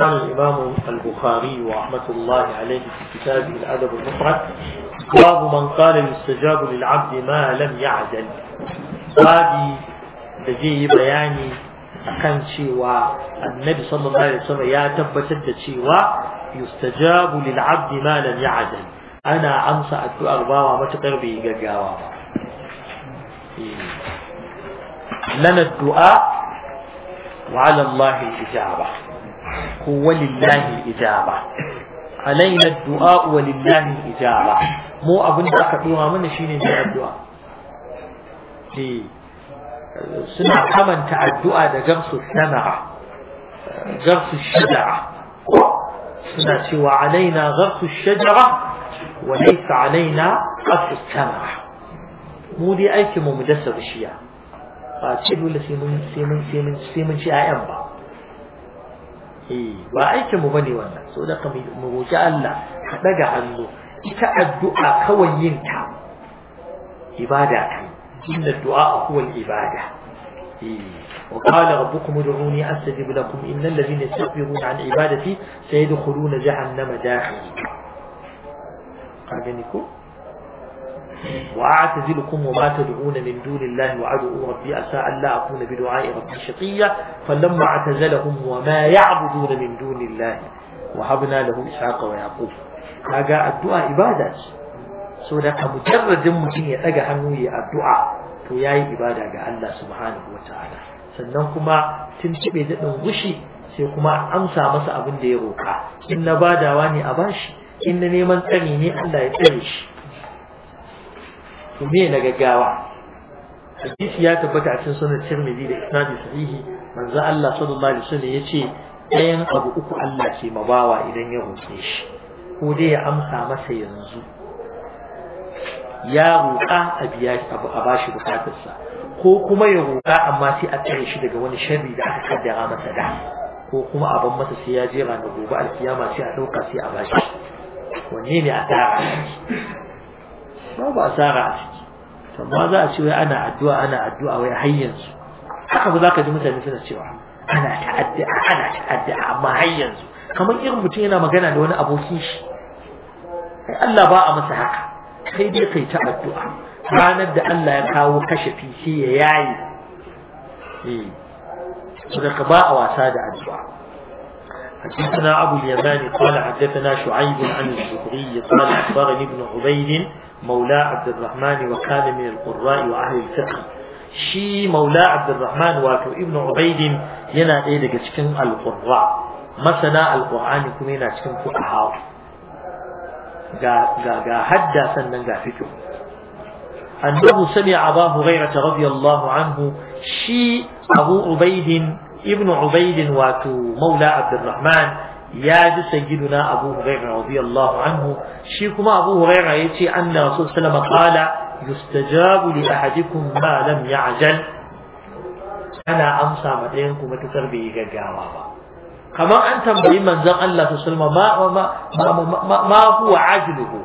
قال الإمام البخاري ورحمة الله عليه في كتابه الأدب المفرد باب من قال يستجاب للعبد ما لم يعدل بابي دجي بياني أكن شيوا النبي صلى الله عليه وسلم يا تبتد شيوا يستجاب للعبد ما لم يعدل أنا أمسى الدعاء ما متقر بي جاوا إيه. لنا الدعاء وعلى الله الإجابة هو لله إجابة علينا الدعاء ولله الإجابة مو أبن دعك دوها من شين جاء الدعاء دي إيه. سنة حمن تع الدعاء ده جرس السمع جرس الشجرة سنة سوى علينا جرس الشجرة وليس علينا قص السمع مو دي أيك مو مدسر الشيا قاتل ولا سيمن سيمن سيمن سيمن شيء أيام Eh. ba aikin mu bane wannan so da ka mu roki Allah ka daga hannu ita addu'a kawai yin ta ibada kai inna du'a huwa al-ibada eh. wa qala rabbukum ud'uni astajib lakum innal ladina yastakbiruna 'an ibadati sayadkhuluna jahannama dakhil kaje ni ko وأعتزلكم وما تدعون من دون الله وأدعو ربي عسى ألا أكون بدعاء ربي شقيا فلما اعتزلهم وما يعبدون من دون الله وهبنا له إسحاق ويعقوب كاجا الدعاء عبادة سورة مجرد mutum ya daga hannu ya addu'a to yayi ibada ga Allah subhanahu wataala sannan kuma tuntube da gushi sai kuma amsa masa abin da ya roka in na badawa ne a bashi in na neman tsari ne Allah ya tsare shi to me na gaggawa hadisi ya tabbata a cikin sunan Tirmidhi da isnadi sahihi manzo Allah sallallahu alaihi wasallam yace ɗayan abu uku Allah ke mabawa idan ya roƙe shi ko dai ya amsa masa yanzu ya roƙa a biya abu a bashi bukatarsa ko kuma ya roƙa amma sai a tsare shi daga wani sharri da aka kaddara masa da ko kuma a masa sai ya jera na gobe alkiyama sai a ɗauka sai a bashi wanne ne a tara ما بأسارع فما ذا أسوي أنا أدواء أنا أدواء ويحيّنس حقا فذاك جمتها مثل السيوة أنا أتعدع أنا أتعدع ما حيّنس كما يغم بتينا مغانا لون أبو كيش ألا باء كي خيدي قيتا أدواء ما ندى ألا يقاو كشفي سي ياي إيه. صدق باء وأساد أدواء حدثنا أبو اليماني قال حدثنا شعيب عن الزهري قال أخبرني ابن عبيد مولى عبد الرحمن وكان من القراء وأهل الفقه شي مولى عبد الرحمن واتو ابن عبيد ينا إيه شكن القراء مثلا القرآن كم ينا تكن فقهاء جا جا حدا سنن جا فكه أنه سمع أبا هريرة رضي الله عنه شي أبو عبيد ابن عبيد واتو مولى عبد الرحمن ya ji sayyiduna abu hurairah radiyallahu anhu shi kuma abu hurairah yace anna rasul sallallahu alaihi wasallam qala yustajabu li ahadikum ma lam ya'jal ana amsa ma ɗayan ku matukar bai gaggawa ba kamar an tambayi manzon Allah sallallahu ma ma huwa ajluhu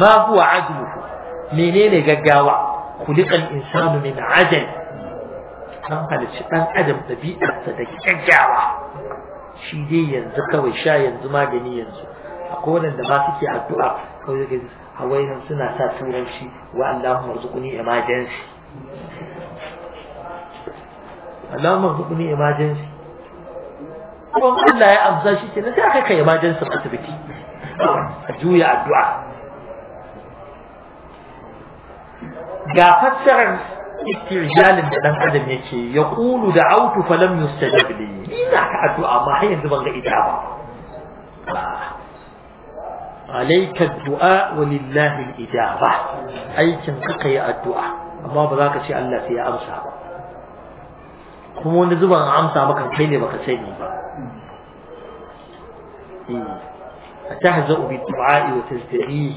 ma huwa ajluhu menene gaggawa kulikan insanu min ajal dan halarci dan adam dabi'arsa da gaggawa shi dai yanzu kawai sha yanzu magani yanzu akwai waɗanda ba suke addu'a kawai zaka hawai nan suna sa turanci wa Allahumma rzuqni emergency Allahumma rzuqni emergency kuma Allah ya amsa shi kenan sai aka kai emergency asibiti a juya addu'a ga fassarar istirjalin da dan adam yake ya qulu da'awtu falam yustajab li ina ka addu'a amma har yanzu ban ga ita ba ah. alayka ad-du'a wa lillahi al-ijaba aikin ka kai addu'a amma ba za ka ce Allah sai ya amsa ba kuma wani zuban amsa maka kai ne baka sani ba a أتهزأ بالدعاء وتزدريه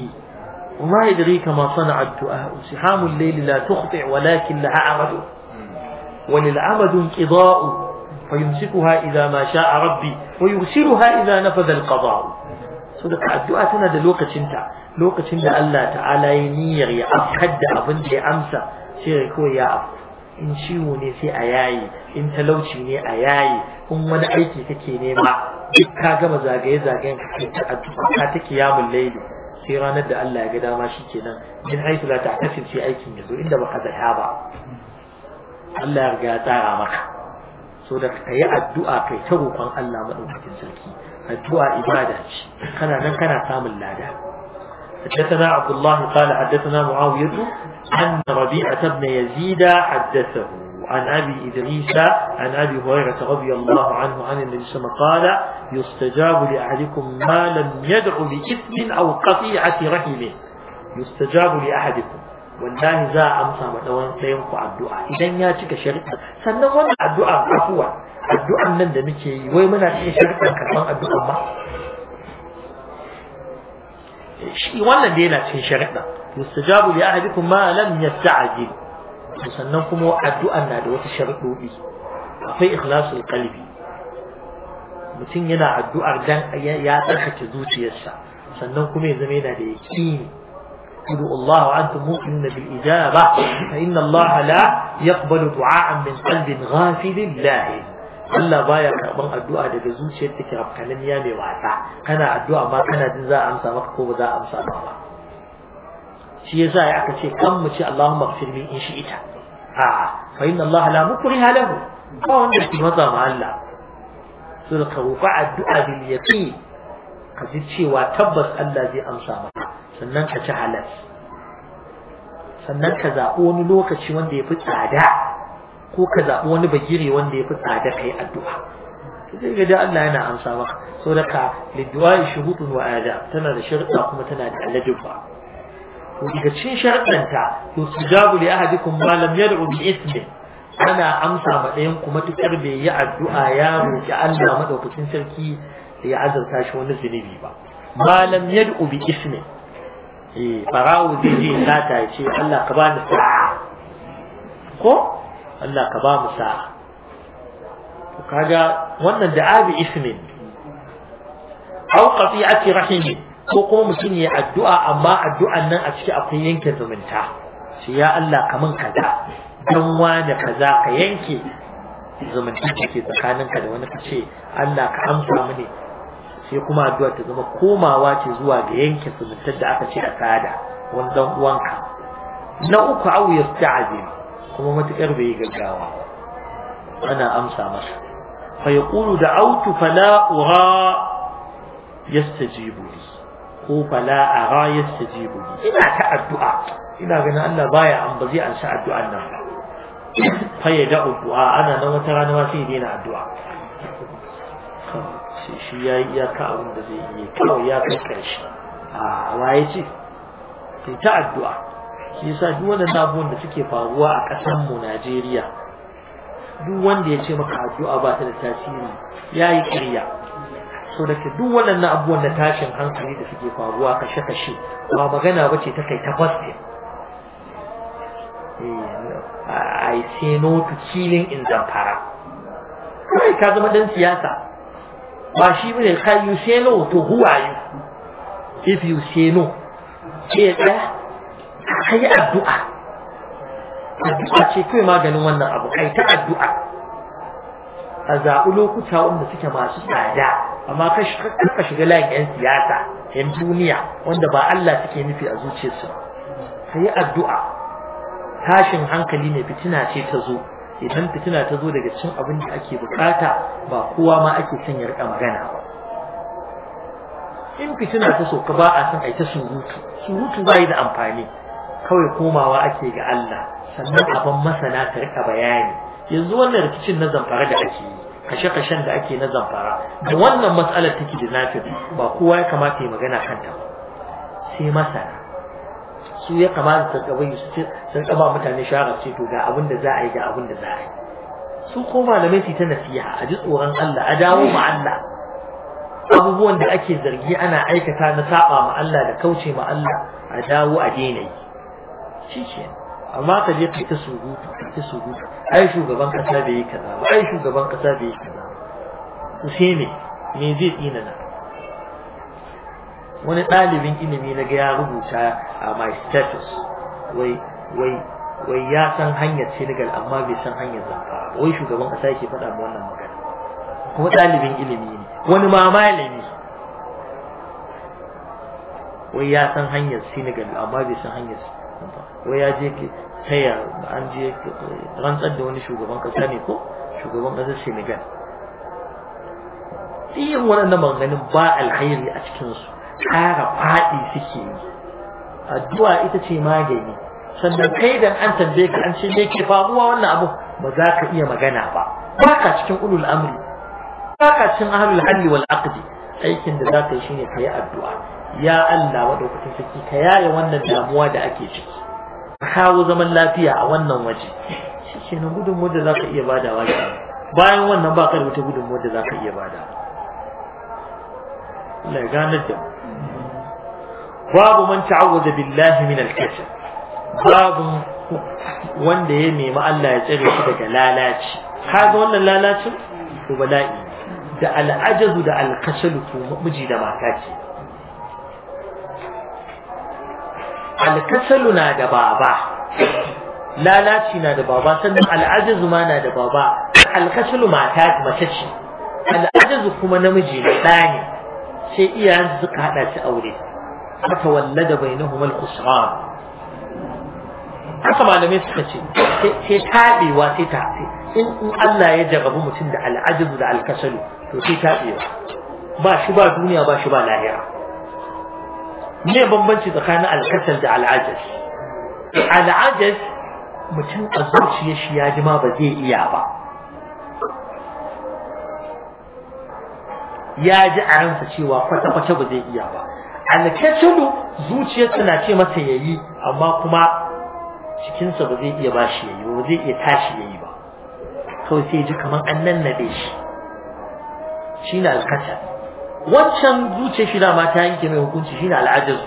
وما يدري كما صنع الدعاء سحام الليل لا تخطئ ولكن لها عمد وللعمد انقضاء فيمسكها إذا ما شاء ربي ويرسلها إذا نفذ القضاء صدق الدعاء تنا دلوقة انت لوقة انت الله تعالى ينير يأخد أبنج أمسى شيركو يأف إن شيوني في أياي إن تلوشيني أياي هم من أيتي تكيني ما كاغم زاقين زاقين حتى الدعاء تكيام الليل sai ranar da Allah ya ga dama shi kenan min haitu la tahtasib sai aikin ya zo inda baka zata ba Allah ya riga ya tsara maka so da ka yi addu'a kai ta roƙon Allah madaukakin sarki addu'a ibada ce kana nan kana samun lada حدثنا عبد الله قال حدثنا معاوية أن ربيعة بن يزيد حدثه عن أبي إدريس عن أبي هريرة رضي الله عنه عن النبي صلى الله عليه قال يستجاب لأحدكم ما لم يدع لإثم أو قطيعة رحمه يستجاب لأحدكم والله ذا أمسى وتوان سينفع الدعاء إذا ياتيك شريك سنوان الدعاء عفوا الدعاء من دمكي ومن أشياء شريك كمان الدعاء ما شيء ولا دينا شريك يستجاب لأحدكم ما لم يستعجل sannan kuma addu'an na da wata sharuɗoɗi akwai ikhlasul qalbi mutum yana addu'ar dan ya tsarkake zuciyarsa sannan kuma ya zama yana da yaqini ادعوا الله وانتم مؤمنون بالاجابه فان الله لا يقبل دعاء من قلب غافل لا Allah baya karban addu'a daga zuciyar take rafkanin ya mai wata. kana addu'a ma kana jin za a amsa maka ko ba za a amsa maka ba shi yasa ya aka ce kan mu ce Allahumma ighfir li in ita. a fa inna Allah la mukriha lahu ba wanda ke matsa ma Allah so da roƙa addu'a bil yaqin ka ji cewa tabbas Allah zai amsa maka sannan ka ci halal sannan ka zaɓi wani lokaci wanda ya fi tsada ko ka zaɓi wani bagire wanda ya fi tsada kai addu'a sai ga da Allah yana amsa maka so da ka liddu'a shuhudun wa ada tana da sharuɗa kuma tana da aladufa daga cin sharɗanta yusujabu li ahadikum ma lam yad'u bi ismi ana amsa ma ɗayan ku matukar bai yi addu'a ya roki Allah madaukakin sarki ya azurta shi wani zunubi ba ma lam ismi eh zai je sata ya ce Allah ka bani sa'a ko Allah ka kaga wannan da ismin rahimi ko kuma mutum ya addu'a amma addu'an nan a ciki akwai yanke zumunta shi ya Allah ka mun kaza dan wani kaza ka yanke zumunta take tsakanin ka da wani kace Allah ka amsa mini sai kuma addu'a ta zama komawa ce zuwa ga yanke zumunta da aka ce a tsada wani uwanka na uku awu yasta'zim kuma matukar bai gaggawa ana amsa masa fa yaqulu da'awtu fala ura yastajibu li ko fala a rayar ta jibu ina ta addu'a ina ganin Allah baya an ba zai an sa addu'an nan ba faye da addu'a ana nan wata rana ma sai daina addu'a sai shi ya yi iyaka abin da zai yi kawai ya kai karshe a waye ce sai ta addu'a shi yasa duk waɗannan abubuwan da suke faruwa a ƙasar mu Najeriya duk wanda ya ce maka addu'a ba ta da tasiri ya yi ƙarya so da duk waɗannan abubuwan na tashin hankali da suke faruwa kashe-kashe ba magana ba ce ta kai ta fasfe eh, I say no to killing in Zamfara kai ka zama ɗan siyasa ba shi bane kai you say no to who are you if you say no ke ɗaya ka yi addu'a addu'a ce kai maganin wannan abu kai ta addu'a a zaɓi lokuta wanda suke masu tsada amma ka shiga layin yan siyasa yan duniya wanda ba Allah suke nufi a zuciyarsu ka yi addu'a tashin hankali ne fitina ce ta zo idan fitina ta zo daga cin abin da ake bukata ba kowa ma ake son ya rika magana ba in fitina ta soka ba a son ai ta surutu surutu ba yi da amfani kawai komawa ake ga Allah sannan abin masana ta rika bayani yanzu wannan rikicin na zamfara da ake yi kashe-kashen da ake na zamfara da wannan matsalar take da nafi ba kowa ya kamata ya magana kanta ba sai masana su ya kamata su kaba su kaba mutane shara ce to ga abin da za a yi ga abin da za a yi su ko malamai su ta nasiha a ji tsoron Allah a dawo ma Allah abubuwan da ake zargi ana aikata na saba ma Allah da kauce ma Allah a dawo a daina yi shi kenan amma ka je kai ta surutu kai ta surutu ai shugaban kasa bai yi kaza ba ai shugaban kasa bai yi kaza ba to sai me me zai tsina na wani ɗalibin ilimi na ga ya rubuta a my status wai wai wai ya san hanyar Senegal amma bai san hanyar Zamfara wai shugaban kasa yake faɗa ba wannan magana kuma ɗalibin ilimi ne wani ma malami wai ya san hanyar Senegal amma bai san hanyar wai ya je ke taya an je rantsar da wani shugaban kasa ne ko shugaban kasar Senegal yin waɗannan maganganun ba alkhairi a cikinsu kara faɗi suke yi addu'a ita ce magani sannan kai da an tambaye ka an ce me ke faruwa wannan abu ba za ka iya magana ba ba ka cikin ulul amri ba ka cikin ahlul halli wal aqdi aikin da za ka yi shine ka yi addu'a ya Allah madaukakin saki ka yaye wannan damuwa da ake ciki ka kawo zaman lafiya a wannan waje shikenan gudunmuwar da zaka iya badawa ke bayan wannan ba ka rubuta gudun gudunmuwar da zaka iya bada Allah ya gane da mu babu man ta'awwaza billahi min al-kasal babu wanda ya nemi Allah ya tsare shi daga lalaci kaga wannan lalacin to bala'i da al'ajazu da al-kasalu to miji da mata ce alkasalu na da baba lalaci na da baba sannan al'ajizu ma na da baba alkasalu mata mace ce al'ajizu kuma namiji na ɗa ne sai iyayen suka haɗa shi aure haka wallada bainahumul khusran haka malamai suka ce sai taɓewa sai ta in Allah ya jarabu mutum da al'ajizu da alkasalu to sai taɓewa ba shi ba duniya ba shi ba lahira me bambanci tsakanin alkasal da al'ajas al'ajas mutum a zuciya shi ya jima ba zai iya ba ya ji a ransa cewa kwata-kwata ba zai iya ba alkasalu zuciyarsa na ce masa yayi amma kuma cikinsa ba zai iya ba shi yayi ba zai iya tashi yi ba kawai sai ji kamar an nannaɗe shi shi ne alkasal waccan zuce shi dama ta yanke mai hukunci shine al'ajiz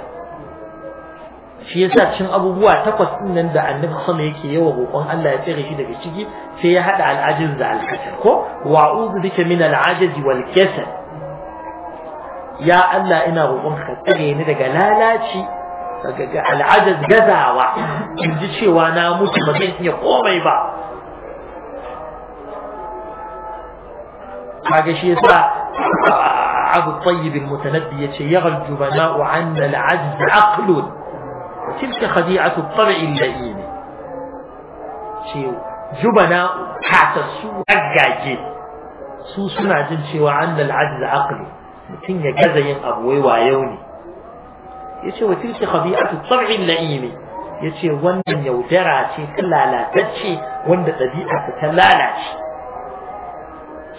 shi yasa cin abubuwa takwas din nan da annabi sama yake yawa roƙon Allah ya tsare shi daga ciki sai ya hada al'ajiz da al'kasal ko wa a'udhu bika min al'ajiz wal kasal ya Allah ina roƙon ka tsare ni daga lalaci daga al'ajiz gazawa in ji cewa na mutu ba zan iya komai ba kaga shi yasa عبد الطيب المتنبي يغل جبناء عنا العجز عقل وتلك خديعة الطبع اللئيم جبناء حتى سوء أجاجين سوء سنع جنشي وعنا العجز عقل متن يجزين أبوي وعيوني يتشي وتلك خديعة الطبع اللئيم يتشي وان يودرع تلالا تتشي وان تديعة تلالا تلالا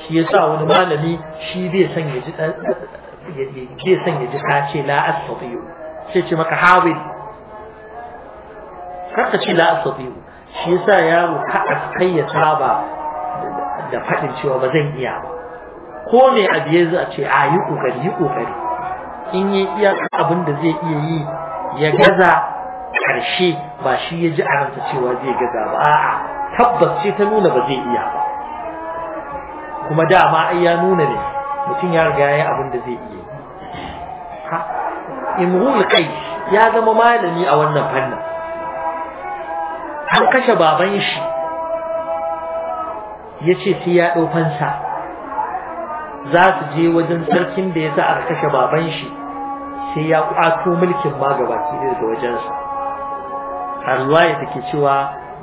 shi ya sa wani malami shi bai san ya ji bai son ya ji kace la astati'u sai ce maka hawil kaka ce la astati'u shi ya sa yaro ka kai ya saba da faɗin cewa ba zan iya ba ko me abu ya za a ce a yi ƙoƙari, yi ƙoƙari. in yi iya abin da zai iya yi ya gaza ƙarshe ba shi ya ji a ranta cewa zai gaza ba a'a tabbas ce ta nuna ba zai iya ba kuma dama ai ya nuna ne mutum ya riga ya abin da zai iya ha imrul kai ya zama malami a wannan fannin an kashe baban shi ya ce sai ya ɗau fansa za su je wajen sarkin da ya sa aka kashe baban shi sai ya ƙwato mulkin ma gaba gabaki daga wajensa har ruwa ya cewa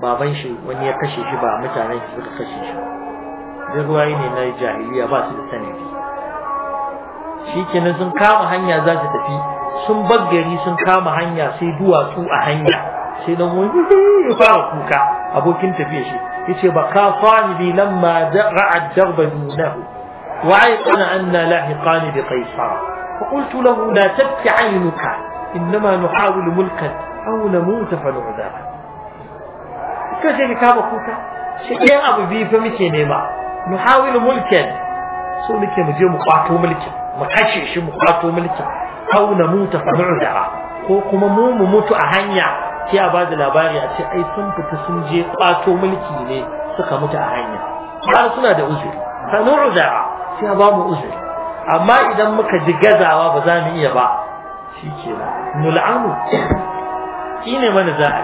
baban shi wani ya kashe shi ba mutanen shi suka kashe shi riwayi ne na jahiliya ba su da sanadi shikenan sun kama hanya za su tafi sun baggari sun kama hanya sai duwatsu a hanya sai dan wani ya fara kuka abokin tafiya shi ce ba ka fani bi lamma ra'a darba dunahu wa ayqana anna lahiqani bi qaisar fa qultu lahu la tabki aynuka innama nuhawilu mulkan aw namut fa nu'dha kace ka kama kuka shi abu bi fa muke nema نحاول ملكا so muke mu je mu kwato mulkin mu kashe shi mu kwato mulkin aw na muta fa nu'dara ko kuma mu mu mutu a hanya sai a bada labari a ce ai sun fita sun je kwato mulki ne suka mutu a hanya har suna da uzuri fa nu'dara sai a ba mu uzuri amma idan muka ji gazawa ba za mu iya ba shikenan mul'anu shine mana za a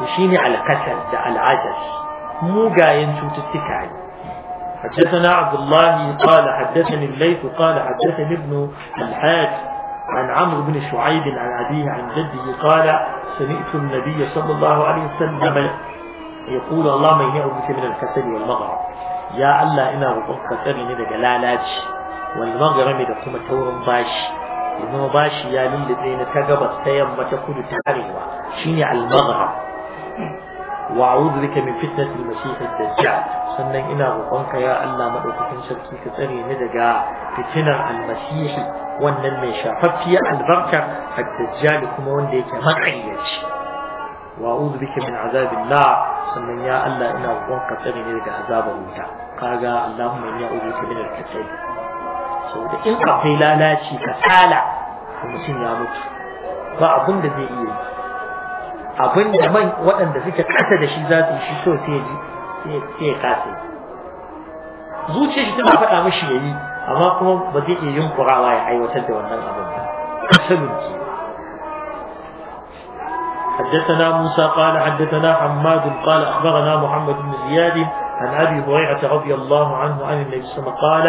yi shine alkasal da al'ajas mugayen شو ne حدثنا عبد الله قال حدثني الليث قال حدثني ابن الحاج عن عمرو بن شعيب عن أبيه عن جده قال سمعت النبي صلى الله عليه وسلم يقول الله من يعوذك من الكسل والمغرب يا الله إنا وقفك سرني دقا لالاتش والمغرم دقوم تور باش إنه باش يا للذين تقبت سيما تكون تعريوا شيني على المغرب وأعوذ بك من فتنة المسيح الدجال sannan ina roƙonka ya Allah madaukakin sarki ka tsare ni daga fitinar almasihi wannan mai shafaffiyar albarka ad-dajjal kuma wanda yake makayyaci wa a'udhu bika min azabillah sannan ya Allah ina roƙonka tsare ni daga azabar wuta kaga Allahumma inni a'udhu bika min al-kasal saboda in akwai lalaci kasala mutum ya mutu ba abin da zai iya yi abin da man waɗanda suke kasa da shi za su shi so sai ya kasa zuciya shi tana faɗa mashi ya yi amma kuma ba zai iya yin kurawa ya aiwatar da wannan abin ba kasalun ke حدثنا موسى قال حدثنا حماد قال أخبرنا محمد بن زياد عن أبي هريرة رضي الله عنه عن النبي صلى الله عليه وسلم قال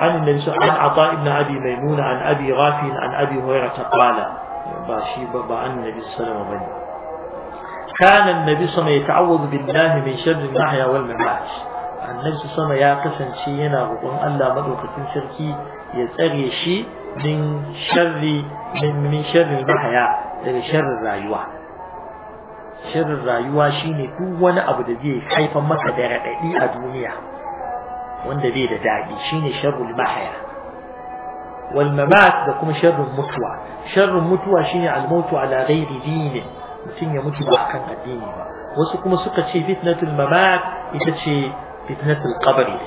عن النبي صلى الله عليه وسلم عن عطاء بن أبي ميمون عن أبي غافل عن أبي هريرة قال باشي بابا النبي صلى الله عليه وسلم كان النبي صلى الله عليه وسلم يتعوذ بالله من شر المحيا والممات النبي صلى الله عليه وسلم يا شينا وقم ألا مدوكة شركي يتغي شي من شر من, من شر المحيا من شر الرايوة شر الرايوة شيني دون أبو دبي حيفا مكة دي أدونيا وان دي دادي شيني شر المحيا والممات ده شر المتوى شر المتوى شيء الموت على غير دينه مثل يموت بأحكام الدين وسو سكة شيء فتنة الممات يتشي فتنة القبر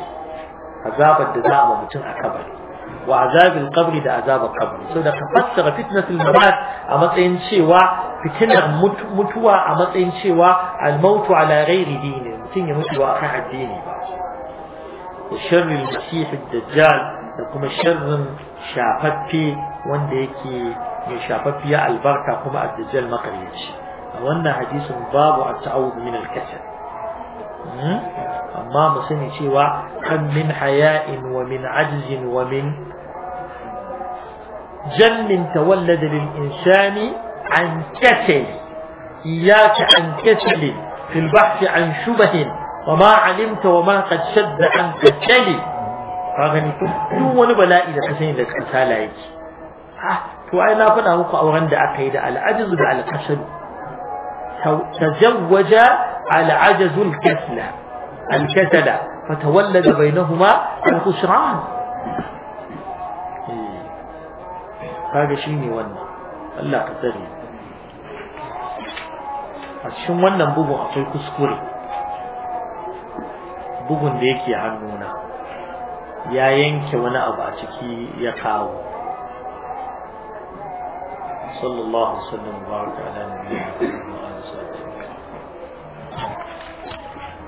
عذاب الدزاء ومتن أكبر وعذاب القبر ده عذاب القبر سو فسر فتنة الممات أما تين شيء فتنة متوى أما تين شيء الموت على غير دينه مثل يموت بأحكام الدين وشر المسيح الدجال da kuma sharrin shafaffe wanda yake mai ya albarka kuma addajjal makaryaci a wannan hadisin babu a ta'awudu min al-kasal amma mu sani cewa kan min haya'in wa min ajizin wa min jannin tawallada lil insani an kasal iyyaka an kasal fil البحث an shubahin وما علمت وما قد شد عن كالتالي ka gani ko duk wani bala'i da ka sani da kasala yake to ai na faɗa muku auren da aka yi da al'ajizu da al'kasal tazawwaja al'ajizu al-kasla al-kasala fatawallada bainahuma al-khusran kaga shine wannan Allah ka tsare a cikin wannan bugun akwai kuskure bugun da yake hannuna ya yanke wani abu a ciki ya kawo sallallahu alaihi wasallam baraka wa nabiyina